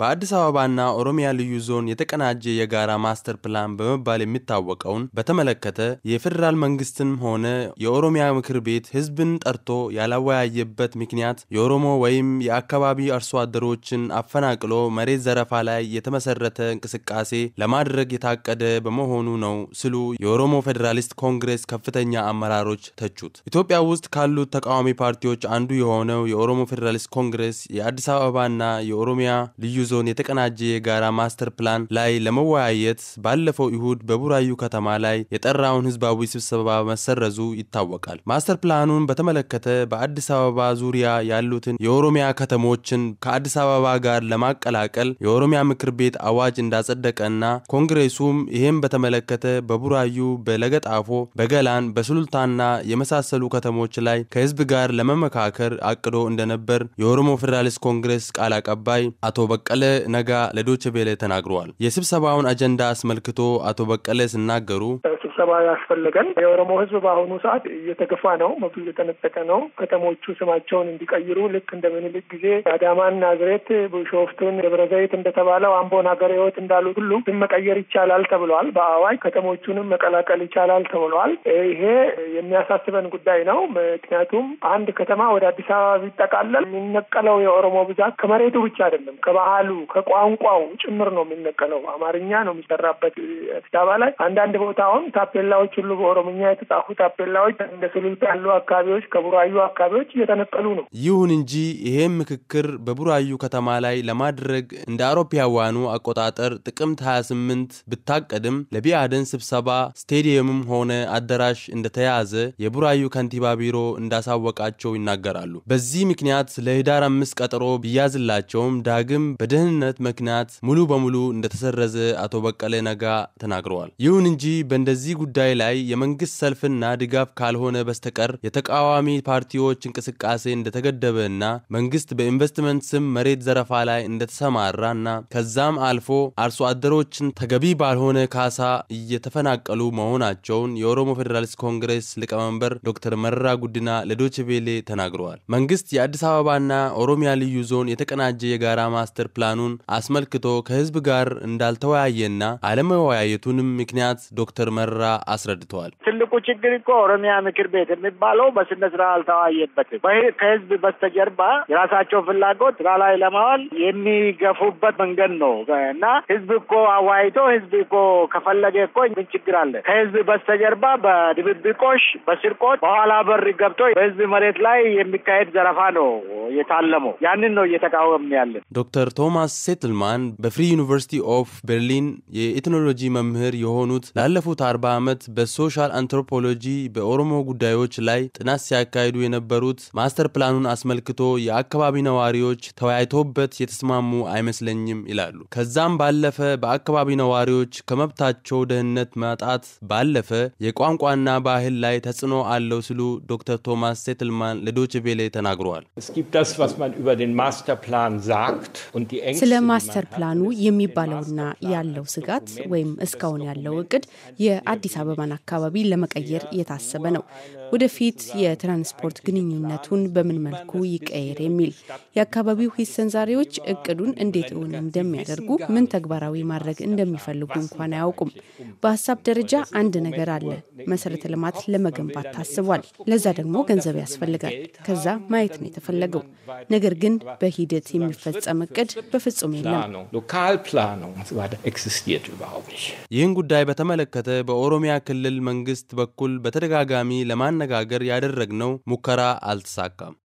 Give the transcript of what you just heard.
በአዲስ አበባና ኦሮሚያ ልዩ ዞን የተቀናጀ የጋራ ማስተር ፕላን በመባል የሚታወቀውን በተመለከተ የፌዴራል መንግስትም ሆነ የኦሮሚያ ምክር ቤት ህዝብን ጠርቶ ያላወያየበት ምክንያት የኦሮሞ ወይም የአካባቢ አርሶ አደሮችን አፈናቅሎ መሬት ዘረፋ ላይ የተመሰረተ እንቅስቃሴ ለማድረግ የታቀደ በመሆኑ ነው ሲሉ የኦሮሞ ፌዴራሊስት ኮንግሬስ ከፍተኛ አመራሮች ተቹት። ኢትዮጵያ ውስጥ ካሉት ተቃዋሚ ፓርቲዎች አንዱ የሆነው የኦሮሞ ፌዴራሊስት ኮንግሬስ የአዲስ አበባና የኦሮሚያ ልዩ ዞን የተቀናጀ የጋራ ማስተር ፕላን ላይ ለመወያየት ባለፈው እሁድ በቡራዩ ከተማ ላይ የጠራውን ህዝባዊ ስብሰባ መሰረዙ ይታወቃል። ማስተር ፕላኑን በተመለከተ በአዲስ አበባ ዙሪያ ያሉትን የኦሮሚያ ከተሞችን ከአዲስ አበባ ጋር ለማቀላቀል የኦሮሚያ ምክር ቤት አዋጅ እንዳጸደቀና ኮንግሬሱም ይህም በተመለከተ በቡራዩ፣ በለገጣፎ፣ በገላን፣ በሱሉልታና የመሳሰሉ ከተሞች ላይ ከህዝብ ጋር ለመመካከር አቅዶ እንደነበር የኦሮሞ ፌዴራሊስት ኮንግሬስ ቃል አቀባይ አቶ በቀለ በቀለ ነጋ ለዶችቬሌ ተናግረዋል። የስብሰባውን አጀንዳ አስመልክቶ አቶ በቀለ ሲናገሩ ስብሰባ ያስፈልገን። የኦሮሞ ህዝብ በአሁኑ ሰዓት እየተገፋ ነው፣ መብቱ እየተነጠቀ ነው። ከተሞቹ ስማቸውን እንዲቀይሩ ልክ እንደ ምኒልክ ጊዜ አዳማን ናዝሬት፣ ቢሾፍቱን ደብረ ዘይት እንደተባለው አምቦን ሀገረ ህይወት እንዳሉ ሁሉ ስም መቀየር ይቻላል ተብሏል። በአዋጅ ከተሞቹንም መቀላቀል ይቻላል ተብሏል። ይሄ የሚያሳስበን ጉዳይ ነው። ምክንያቱም አንድ ከተማ ወደ አዲስ አበባ ቢጠቃለል የሚነቀለው የኦሮሞ ብዛት ከመሬቱ ብቻ አይደለም፣ ከባህሉ ከቋንቋው ጭምር ነው የሚነቀለው። አማርኛ ነው የሚሰራበት አዲስ አበባ ላይ አንዳንድ ቦታውን ታፔላዎች ሁሉ በኦሮምኛ የተጻፉ ታፔላዎች እንደ ስሉልታ ያሉ አካባቢዎች ከቡራዩ አካባቢዎች እየተነቀሉ ነው። ይሁን እንጂ ይሄም ምክክር በቡራዩ ከተማ ላይ ለማድረግ እንደ አውሮፓውያኑ አቆጣጠር ጥቅምት 28 ብታቀድም ለቢአደን ስብሰባ ስቴዲየምም ሆነ አዳራሽ እንደተያዘ የቡራዩ ከንቲባ ቢሮ እንዳሳወቃቸው ይናገራሉ። በዚህ ምክንያት ለህዳር አምስት ቀጠሮ ብያዝላቸውም ዳግም በደህንነት ምክንያት ሙሉ በሙሉ እንደተሰረዘ አቶ በቀለ ነጋ ተናግረዋል። ይሁን እንጂ በእንደዚህ በዚህ ጉዳይ ላይ የመንግስት ሰልፍና ድጋፍ ካልሆነ በስተቀር የተቃዋሚ ፓርቲዎች እንቅስቃሴ እንደተገደበ እና መንግስት በኢንቨስትመንት ስም መሬት ዘረፋ ላይ እንደተሰማራና ከዛም አልፎ አርሶ አደሮችን ተገቢ ባልሆነ ካሳ እየተፈናቀሉ መሆናቸውን የኦሮሞ ፌዴራሊስት ኮንግሬስ ሊቀመንበር ዶክተር መረራ ጉዲና ለዶችቬሌ ተናግረዋል። መንግስት የአዲስ አበባና ኦሮሚያ ልዩ ዞን የተቀናጀ የጋራ ማስተር ፕላኑን አስመልክቶ ከህዝብ ጋር እንዳልተወያየና አለመወያየቱንም ምክንያት ዶክተር መረራ አስረድተዋል። ትልቁ ችግር እኮ ኦሮሚያ ምክር ቤት የሚባለው በስነ ስራ አልተዋየበትም። ከህዝብ በስተጀርባ የራሳቸው ፍላጎት ስራ ላይ ለማዋል የሚገፉበት መንገድ ነው እና ህዝብ እኮ አዋይቶ ህዝብ እኮ ከፈለገ እኮ ምን ችግር አለ? ከህዝብ በስተጀርባ በድብብቆሽ፣ በስርቆት በኋላ በር ገብቶ በህዝብ መሬት ላይ የሚካሄድ ዘረፋ ነው የታለመው። ያንን ነው እየተቃወም ያለን። ዶክተር ቶማስ ሴትልማን በፍሪ ዩኒቨርሲቲ ኦፍ ቤርሊን የኢትኖሎጂ መምህር የሆኑት ላለፉት አርባ ዓመት በሶሻል አንትሮፖሎጂ በኦሮሞ ጉዳዮች ላይ ጥናት ሲያካሂዱ የነበሩት ማስተር ፕላኑን አስመልክቶ የአካባቢ ነዋሪዎች ተወያይቶበት የተስማሙ አይመስለኝም ይላሉ። ከዛም ባለፈ በአካባቢ ነዋሪዎች ከመብታቸው ደህንነት ማጣት ባለፈ የቋንቋና ባህል ላይ ተጽዕኖ አለው ሲሉ ዶክተር ቶማስ ሴትልማን ለዶች ቬሌ ተናግረዋል። ስለ ማስተር ፕላኑ የሚባለውና ያለው ስጋት ወይም እስካሁን ያለው እቅድ የአዲ አዲስ አበባን አካባቢ ለመቀየር እየታሰበ ነው። ወደፊት የትራንስፖርት ግንኙነቱን በምን መልኩ ይቀየር የሚል የአካባቢው ሂሰን ዛሬዎች እቅዱን እንዴት እውን እንደሚያደርጉ ምን ተግባራዊ ማድረግ እንደሚፈልጉ እንኳን አያውቁም። በሀሳብ ደረጃ አንድ ነገር አለ። መሰረተ ልማት ለመገንባት ታስቧል። ለዛ ደግሞ ገንዘብ ያስፈልጋል። ከዛ ማየት ነው የተፈለገው። ነገር ግን በሂደት የሚፈጸም እቅድ በፍጹም የለም። ይህን ጉዳይ በተመለከተ በኦ በኦሮሚያ ክልል መንግስት በኩል በተደጋጋሚ ለማነጋገር ያደረግነው ሙከራ አልተሳካም።